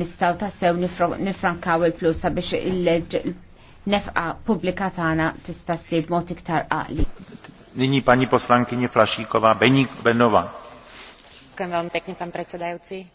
nistaw tassew nifrankaw il-plus biex il-nefqa leġ publika tagħna tista' ssir b'mod iktar Nini pani poslanki poslankyně Benik Benova. Děkuji vam pekni pan předsedající.